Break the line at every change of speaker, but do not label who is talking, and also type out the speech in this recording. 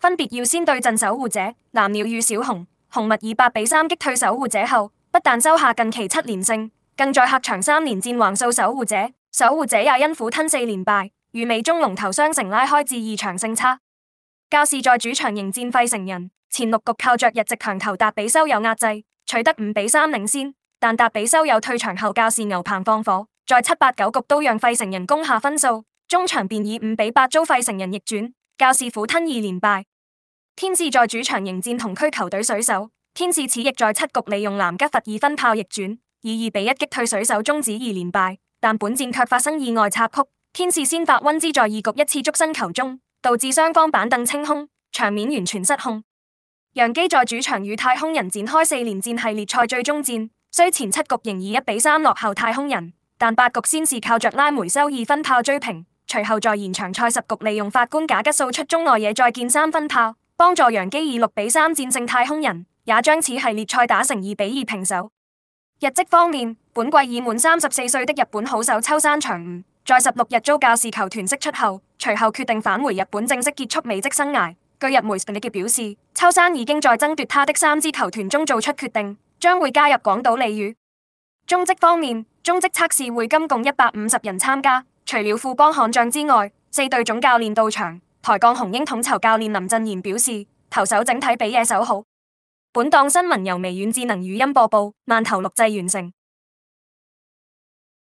分別要先對陣守護者、藍鳥與小熊，紅物以八比三擊退守護者後，不但收下近期七連勝，更在客場三連戰橫掃守護者。守護者也因苦吞四連敗，與美中龍頭雙城拉開至二場勝差。教士在主場迎戰費城人，前六局靠着日籍強投，達比修有壓制，取得五比三領先。但達比修有退場後，教士牛棚放火，在七八九局都讓費城人攻下分數，中場便以五比八遭費城人逆轉。教士苦吞二連敗。天使在主場迎戰同區球隊水手，天使此役在七局利用藍吉佛二分炮逆轉，以二比一擊退水手，終止二連敗。但本戰卻發生意外插曲，天使先發溫茲在二局一次觸身球中，導致雙方板凳清空，場面完全失控。洋基在主場與太空人展開四連戰系列賽最終戰，雖前七局仍以一比三落後太空人，但八局先是靠着拉梅修二分炮追平，隨後在延長賽十局利用法官賈吉數出中外野再見三分炮。幫助洋基以六比三戰勝太空人，也將此系列賽打成二比二平手。日職方面，本季已滿三十四歲的日本好手秋山翔吾，在十六日遭教士球團釋出後，隨後決定返回日本正式結束美職生涯。據日媒特別表示，秋山已經在爭奪他的三支球團中做出決定，將會加入廣島鯉魚。中職方面，中職測試會今共一百五十人參加，除了富邦悍將之外，四隊總教練到場。台鋼雄鷹統籌教練林振賢表示：投手整體比野手好。本檔新聞由微軟智能語音播報，慢投錄製完成。